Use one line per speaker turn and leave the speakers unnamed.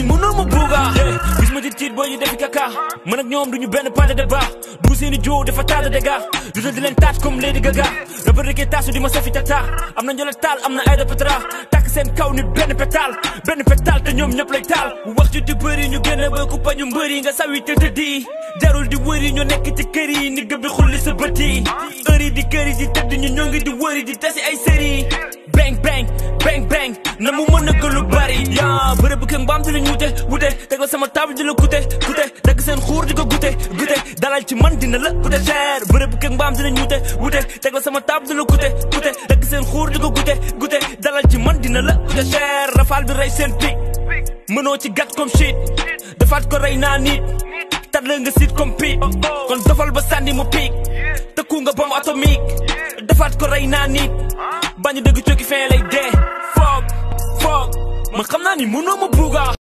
ñi mënoo ma boogaa gis ma di tiit booy yi kaka man ak ñoom du ñu benn de débat du seeni joo dafa taal de dégâts jutal di leen taaj comme Lady Gaga rëbër rekee taasu di ma safi tata am na njole taal ay de pétra takk seen kaw ni benn pétal benn pétal te ñoom ñëpp lay taal wax ju di bëri ñu génn ba ku pañu mbëri nga sawi te tëddi jarul di wëri ñu nekk ci kër yi ni gëb xulli sa bët di kër yi di tëdd ñu ñoo di wëri di tasi ay séri bang bang na mu mën a gën lu bari yaa bërëb kër mbaam di la ñuute wute teg la sama table di la kute kute dagg seen xuur ko gute gute dalal ci man dina la kute teer bërëb kër mbaam di la ñuute wute teg la sama table di la kute ko gute gute dalal ci man dina la kute teer rafaal bi rey seen pig mënoo gat comme shit dafaat ko rey naa nit tat la nga siit comme kon dofal ba sànni mu pig tëkku nga bombe atomique dafaat ko rey naa nit bañu dëgg cooki fin lay dee makamnani muno mubuga